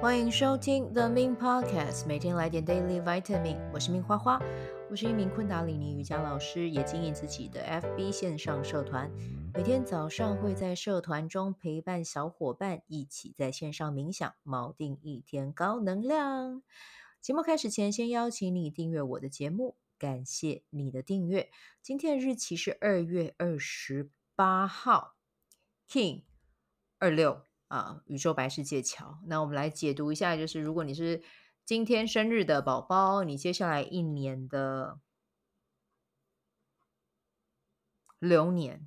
歡迎收聽 The Min Podcast，每天來點 Daily Vitamin。我是 Min 花花，我是一名昆達里尼瑜伽老師，也經營自己的 FB 線上社團。每天早上會在社團中陪伴小伙伴一起在線上冥想，錨定一天高能量。節目開始前，先邀請你訂閱我的節目，感謝你的訂閱。今天的日期是二月二十八號，King 二六。King26 啊，宇宙白世界橋。那我們來解讀一下，就是如果你是今天生日的寶寶，你接下來一年的流年，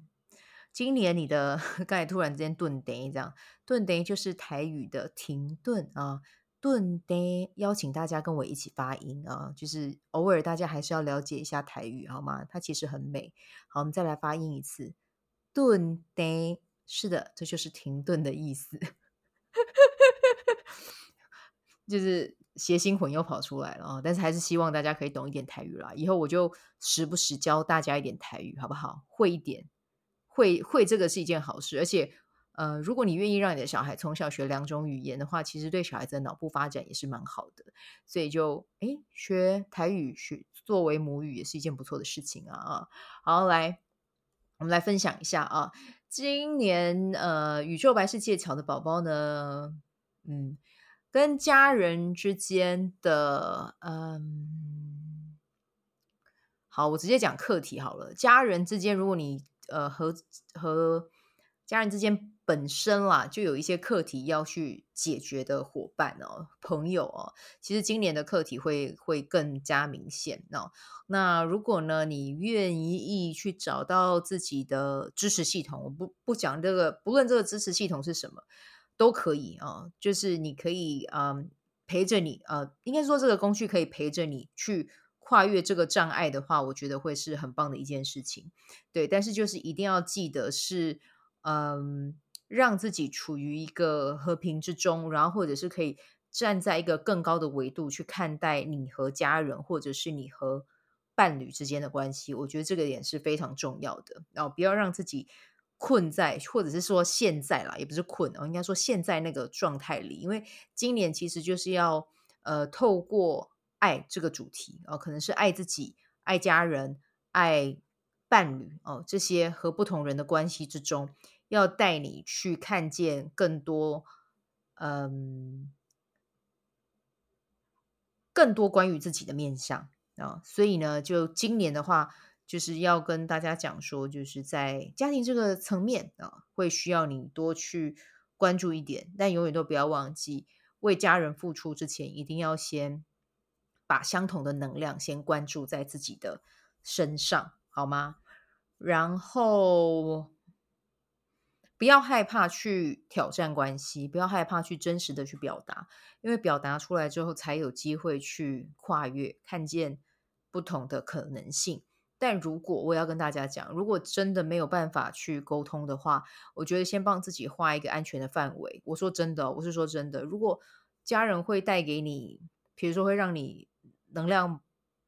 今年你的剛才突然之間頓呆這樣，頓呆就是台語的停頓啊，頓呆邀請大家跟我一起發音啊，就是偶爾大家還是要了解一下台語好嗎？它其實很美。好，我們再來發音一次，頓呆。是的，這就是停頓的意思， 就是諧星魂又跑出來了啊、哦，但是還是希望大家可以懂一點台語啦。以後我就時不時教大家一點台語，好不好？會一點，會會這個是一件好事。而且，呃，如果你願意讓你的小孩從小學兩種語言的話，其實對小孩子的腦部發展也是蠻好的。所以就，誒學台語學作為母語也是一件不錯的事情啊！啊，好，來，我們來分享一下啊。今年，呃，宇宙白世界巧的寶寶呢，嗯，跟家人之間的，嗯，好，我直接講課題好了。家人之間，如果你呃和和家人之間。本身啦，就有一些課題要去解決的夥伴哦，朋友哦，其實今年的課題會會更加明顯哦。那如果呢，你願意去找到自己的支持系統，我不不講這個，不論這個支持系統是什麼都可以啊，哦，就是你可以嗯、呃、陪着你呃，應該說這個工具可以陪着你去跨越這個障礙的話，我覺得會是很棒的一件事情。對，但是就是一定要記得是嗯。呃讓自己處於一個和平之中，然後或者是可以站在一個更高的維度去看待你和家人，或者是你和伴侶之間的關係。我覺得這個點是非常重要的。然後，哦，不要讓自己困在，或者是說現在啦，也不是困，哦，應該說現在那個狀態裡。因為今年其實就是要呃，透過愛這個主題，哦，可能是愛自己、愛家人、愛伴侶，哦，這些和不同人的關係之中。要帶你去看見更多，嗯，更多關於自己的面向啊、哦。所以呢，就今年的話，就是要跟大家講說，就是在家庭這個層面啊、哦，會需要你多去關注一點。但永遠都不要忘記，為家人付出之前，一定要先把相同的能量先關注在自己的身上，好嗎？然後。不要害怕去挑戰關係，不要害怕去真實的去表達，因為表達出來之後才有機會去跨越，看見不同的可能性。但如果我要跟大家講，如果真的沒有辦法去溝通的話，我覺得先幫自己畫一個安全的範圍。我說真的哦，我是說真的，如果家人會帶給你，比如說會讓你能量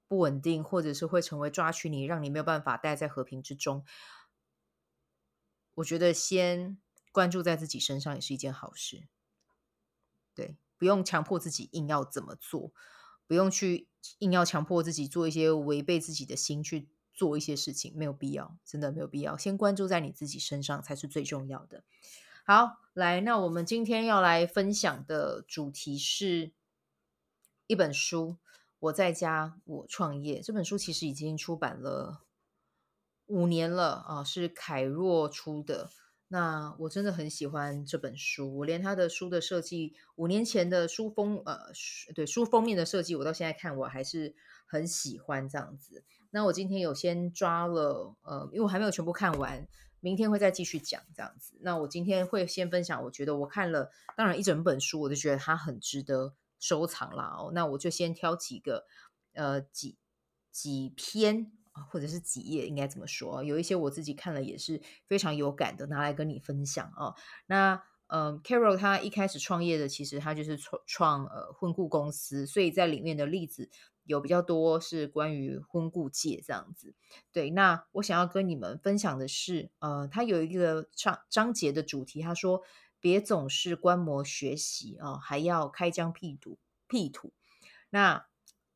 不穩定，或者是會成為抓取你，讓你沒有辦法待在和平之中。我覺得先關注在自己身上也是一件好事，對，不用強迫自己硬要怎麼做，不用去硬要強迫自己做一些違背自己的心去做一些事情，沒有必要，真的沒有必要。先關注在你自己身上才是最重要的。好，來，那我們今天要來分享的主題是一本書，《我在家，我創業》這本書其實已經出版了。五年了啊，呃，是凱若出的。那我真的很喜歡這本書，我連他的書的設計，五年前的書封，呃，對，書封面的設計，我到現在看我還是很喜歡這樣子。那我今天有先抓了，呃，因為我還沒有全部看完，明天會再繼續講這樣子。那我今天會先分享，我覺得我看了，當然一整本書，我就覺得它很值得收藏啦。哦，那我就先挑幾個，呃，幾幾篇。啊，或者是幾頁應該怎麼說？有一些我自己看了也是非常有感的，拿來跟你分享哦。那嗯，呃，Carol 他一開始創業的，其實他就是創創呃婚顧公司，所以在裡面的例子有比較多是關於婚顧界這樣子。對，那我想要跟你們分享的是，呃，他有一個章章節的主題，他說別總是觀摩學習，呃，還要開疆闢土，闢土。那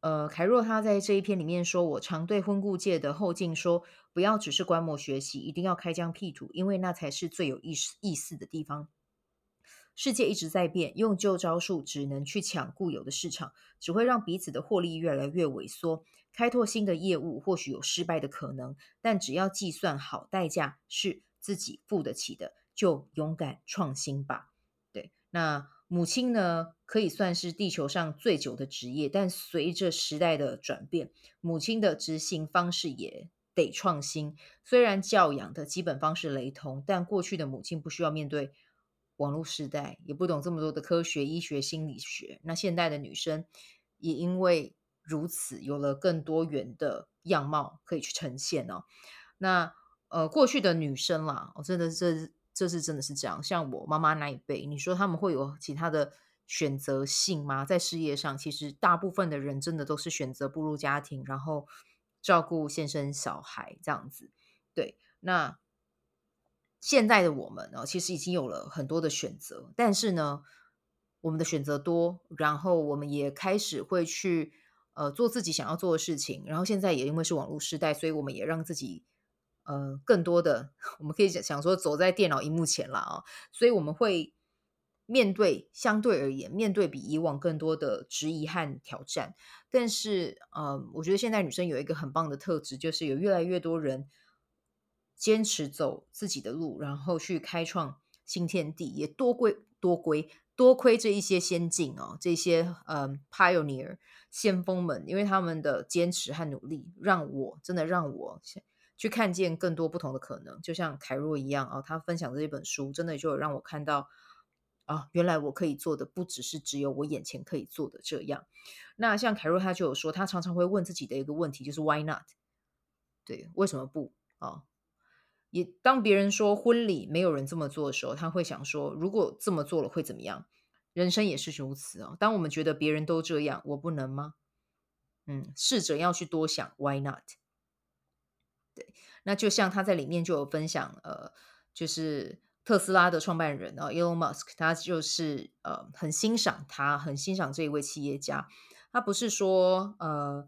呃，凱若他在這一篇裡面說，我常對婚顧界的後進說，不要只是觀摩學習，一定要開疆闢土，因為那才是最有意思、意思的地方。世界一直在變，用舊招數只能去搶固有的市場，只會讓彼此的獲利越來越萎縮。開拓新的業務，或許有失敗的可能，但只要計算好代價是自己付得起的，就勇敢創新吧。對，那。母親呢，可以算是地球上最久的職業，但隨着時代的轉變，母親的執行方式也得創新。雖然教養的基本方式雷同，但過去的母親不需要面對網絡時代，也不懂這麼多的科學、醫學、心理學。那現代的女生也因為如此，有了更多元的樣貌可以去呈現哦。那呃，過去的女生啦，我，哦，真的是這是真的是這樣，像我媽媽那一輩，你說他們會有其他的選擇性嗎？在事業上，其實大部分的人真的都是選擇步入家庭，然後照顧先生小孩這樣子。對，那現在的我們呢、哦，其實已經有了很多的選擇，但是呢，我們的選擇多，然後我們也開始會去呃做自己想要做的事情。然後現在也因為是網絡時代，所以我們也讓自己。呃，更多的我們可以想說，走在電腦熒幕前了啊、哦，所以我們會面對相對而言面對比以往更多的質疑和挑戰。但是，呃，我覺得現在女生有一個很棒的特質，就是有越來越多人堅持走自己的路，然後去開創新天地。也多虧多虧多虧這一些先進哦，這些嗯、呃，Pioneer 先鋒們，因為他們的堅持和努力，讓我真的讓我。去看見更多不同的可能，就像凱若一樣啊、哦，他分享的這本書，真的就有讓我看到啊，原來我可以做的不只是只有我眼前可以做的這樣。那像凱若他就有說，他常常會問自己的一個問題，就是 Why not？對，為什麼不啊、哦？也當別人說婚禮沒有人這麼做的時候，他會想說，如果這麼做了會怎麼樣？人生也是如此啊。當我們覺得別人都這樣，我不能嗎？嗯，試着要去多想 Why not？對，那就像他在裡面就有分享，呃，就是特斯拉的創辦人啊，Elon Musk，他就是呃很欣賞他，很欣賞這一位企業家。他不是說呃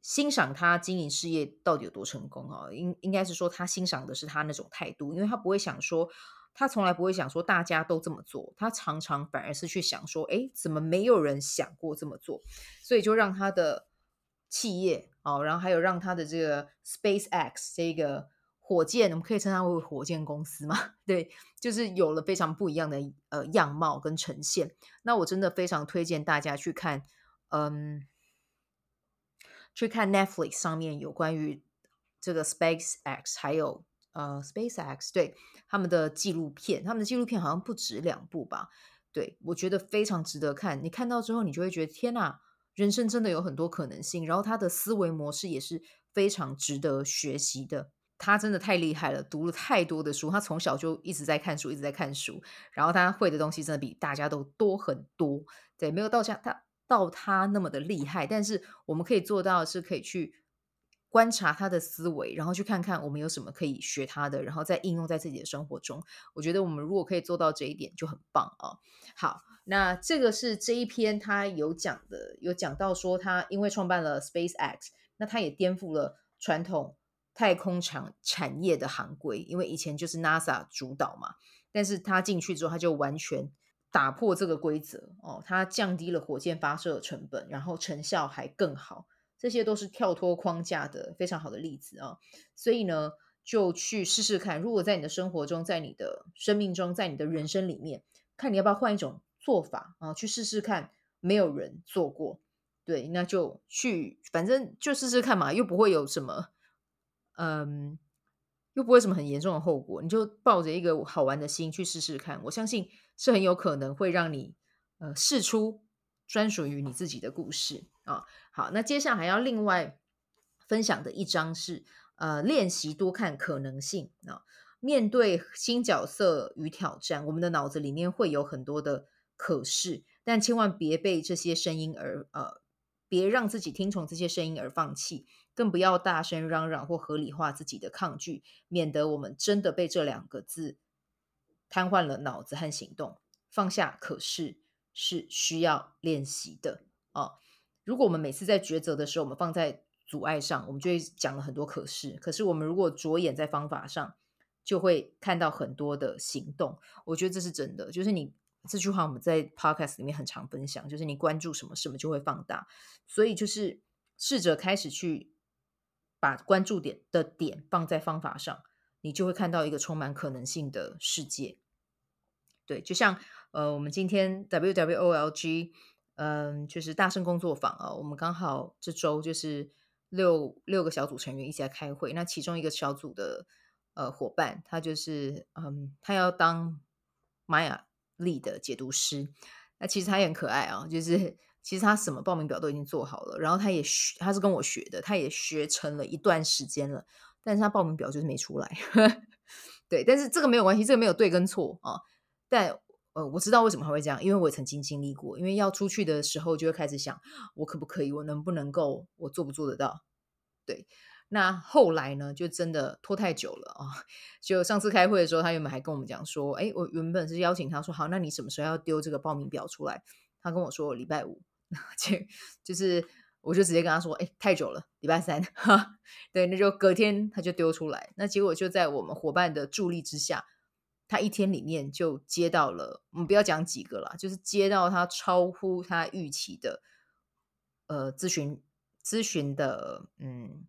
欣賞他經營事業到底有多成功哦，應應該是說他欣賞的是他那種態度，因為他不會想說，他從來不會想說大家都這麼做，他常常反而是去想說，哎，怎麼沒有人想過這麼做？所以就讓他的。企業哦，然後還有讓他的這個 SpaceX 這個火箭，我們可以稱它為火箭公司嘛？對，就是有了非常不一樣的呃樣貌跟呈現。那我真的非常推薦大家去看，嗯，去看 Netflix 上面有關於這個 SpaceX 還有呃 SpaceX 對他們的紀錄片，他們的紀錄片好像不止兩部吧？對，我覺得非常值得看，你看到之後你就會覺得天哪、啊！人生真的有很多可能性，然後他的思維模式也是非常值得學習的。他真的太厲害了，讀了太多的書，他從小就一直在看書，一直在看書，然後他會的東西真的比大家都多很多。對，沒有到像他到他那麼的厲害，但是我們可以做到，是可以去。觀察他的思維，然後去看看我們有什麼可以學他的，然後再應用在自己的生活中。我覺得我們如果可以做到這一點，就很棒啊，哦！好，那這個是這一篇他有講的，有講到說他因為創辦了 SpaceX，那他也顛覆了傳統太空廠產業的行規，因為以前就是 NASA 主導嘛，但是他進去之後，他就完全打破這個規則哦，他降低了火箭發射的成本，然後成效還更好。這些都是跳脫框架的非常好的例子啊，所以呢，就去試試看，如果在你的生活中，在你的生命中，在你的人生裡面，看你要不要換一種做法啊，去試試看，沒有人做過，對，那就去，反正就試試看嘛，又不會有什麼，嗯，又不會什麼很嚴重的後果，你就抱着一個好玩的心去試試看，我相信是很有可能會讓你，呃，試出。專屬於你自己的故事啊、哦！好，那接下來還要另外分享的一章是，呃，練習多看可能性啊、哦。面對新角色與挑戰，我們的腦子裡面會有很多的可是，但千萬別被這些聲音而呃，別讓自己聽從這些聲音而放棄，更不要大聲嚷嚷或合理化自己的抗拒，免得我們真的被這兩個字癱瘓了腦子和行動。放下可是。是需要練習的哦。如果我們每次在抉擇的時候，我們放在阻礙上，我們就會講了很多。可是，可是我們如果着眼在方法上，就會看到很多的行動。我覺得這是真的。就是你這句話，我們在 podcast 裡面很常分享，就是你關注什麼，什麼就會放大。所以，就是試着開始去把關注點的點放在方法上，你就會看到一個充滿可能性的世界。對，就像。呃，我們今天 W W O L G，嗯，就是大聖工作坊啊。我們剛好這周就是六六個小組成員一起來開會。那其中一個小組的呃夥伴，他就是嗯，他要當馬雅曆的解讀師。那其實他也很可愛啊，就是其實他什麼報名表都已經做好了，然後他也學，他是跟我學的，他也學成了一段時間了，但是他報名表就是沒出來。 對，但是這個沒有關係，這個沒有對跟錯啊，但。呃，我知道為什麼他會這樣，因為我也曾經經歷過，因為要出去的時候就會開始想，我可不可以，我能不能夠，我做不做得到？對，那後來呢，就真的拖太久了啊，哦！就上次開會的時候，他原本還跟我們講說，哎、欸，我原本是邀請他說，好，那你什麼時候要丟這個報名表出來？他跟我說禮拜五，那就 就是，我就直接跟他說，哎、欸，太久了，禮拜三，哈， 對，那就隔天他就丟出來。那結果就在我們夥伴的助力之下。他一天裡面就接到了，我們不要講幾個了，就是接到他超乎他預期的，呃，諮詢諮詢的嗯，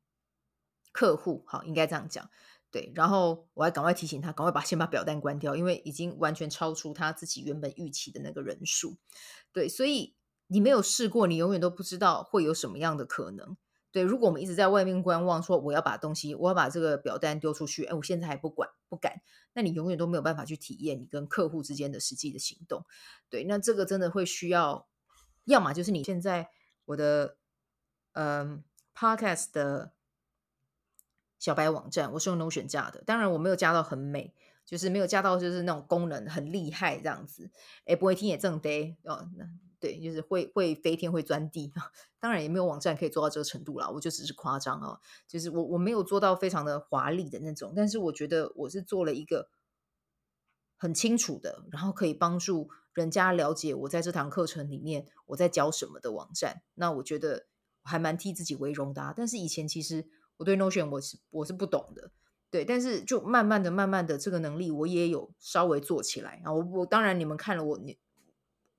客戶，好，應該這樣講，對。然後我還趕快提醒他，趕快把先把表單關掉，因為已經完全超出他自己原本預期的那個人數，對。所以你沒有試過，你永遠都不知道會有什麼樣的可能。對，如果我們一直在外面觀望，說我要把東西，我要把這個表單丟出去，哎，我現在還不管，不敢，那你永遠都沒有辦法去體驗你跟客戶之間的實際的行動。對，那這個真的會需要，要麼就是你現在我的嗯、呃，Podcast 的小白網站，我是用 Notion 架的，當然我沒有加到很美，就是沒有加到就是那種功能很厲害這樣子，誒、哎，不會聽也正得哦那。對，就是會會飛天，會鑽地，當然也沒有網站可以做到這個程度啦。我就只是誇張哦、啊，就是我我沒有做到非常的華麗的那種，但是我覺得我是做了一個很清楚的，然後可以幫助人家了解我在這堂課程裡面我在教什麼的網站。那我覺得我還蠻替自己為榮的啊。但是以前其實我對 Notion 我是我是不懂的，對，但是就慢慢的、慢慢的這個能力我也有稍微做起來啊。然後我我當然你們看了我你。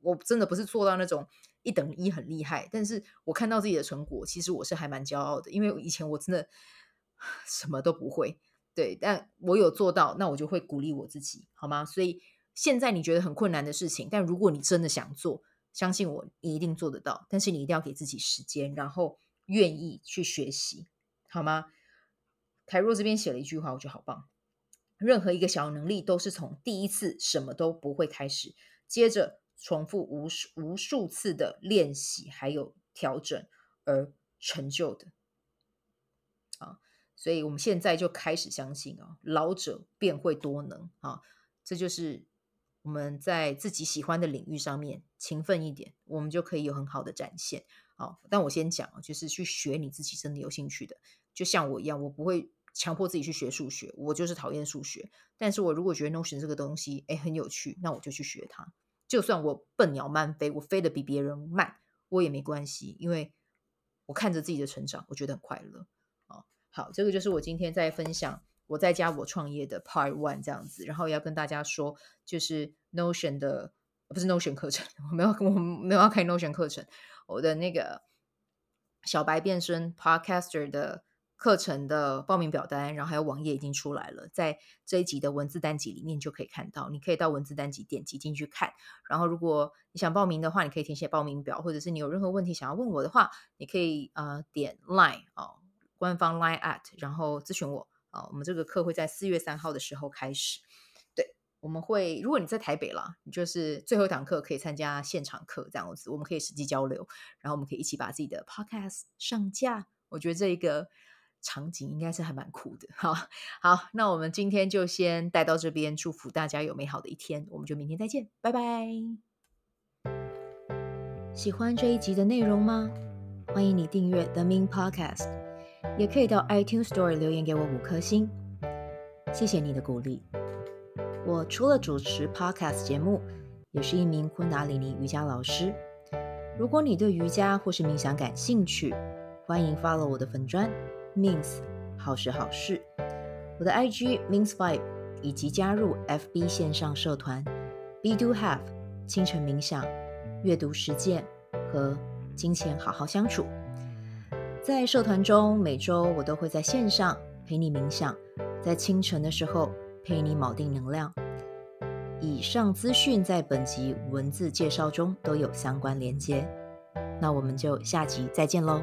我真的不是做到那種一等一很厲害，但是我看到自己的成果，其實我是還蠻驕傲的，因為以前我真的什麼都不會，對，但我有做到，那我就會鼓勵我自己，好嗎？所以現在你覺得很困難的事情，但如果你真的想做，相信我，你一定做得到，但是你一定要給自己時間，然後願意去學習，好嗎？凱若這邊寫了一句話，我覺得好棒，任何一個小能力都是從第一次什麼都不會開始，接着。重複無數無數次的練習，還有調整而成就的，啊，所以我們現在就開始相信啊，老者便會多能啊，這就是我們在自己喜歡的領域上面勤奮一點，我們就可以有很好的展現啊。但我先講啊，就是去學你自己真的有興趣的，就像我一樣，我不會強迫自己去學數學，我就是討厭數學。但是我如果覺得 Notion 這個東西哎很有趣，那我就去學它。就算我笨鳥慢飛，我飛得比別人慢，我也沒關係，因為我看着自己的成長，我覺得很快樂。好,好，這個就是我今天在分享我在家我創業的 Part One 這樣子，然後要跟大家說，就是 Notion 的，不是 Notion 課程，我沒有我沒有要開 Notion 課程，我的那個小白變身 Podcaster 的。課程的報名表單，然後還有網頁已經出來了，在這一集的文字單集裡面就可以看到。你可以到文字單集點擊進去看。然後如果你想報名的話，你可以填寫報名表，或者是你有任何問題想要問我的話，你可以啊、呃、點 Line 啊、哦、官方 Line at，然後諮詢我啊、哦。我們這個課會在四月三號的時候開始。對，我們會如果你在台北啦，你就是最後一堂課可以參加現場課這樣子，我們可以實際交流，然後我們可以一起把自己的 Podcast 上架。我覺得這一個。場景應該是還蠻酷的，好好，那我們今天就先帶到這邊，祝福大家有美好的一天，我們就明天再見，拜拜。喜歡這一集的內容嗎？歡迎你訂閱 The Min Podcast，也可以到 iTunes Store 留言給我五顆星，謝謝你的鼓勵。我除了主持 Podcast 節目，也是一名昆達里尼瑜伽老師。如果你對瑜伽或是冥想感興趣，歡迎 follow 我的粉專。Min's 好時好事。我的 IG Min's vibe，以及加入 FB 線上社團。Be Do Have 清晨冥想、閱讀實踐和金錢好好相處。在社團中，每週我都會在線上陪你冥想，在清晨的時候陪你錨定能量。以上資訊在本集文字介紹中都有相關連接。那我們就下集再見嘍。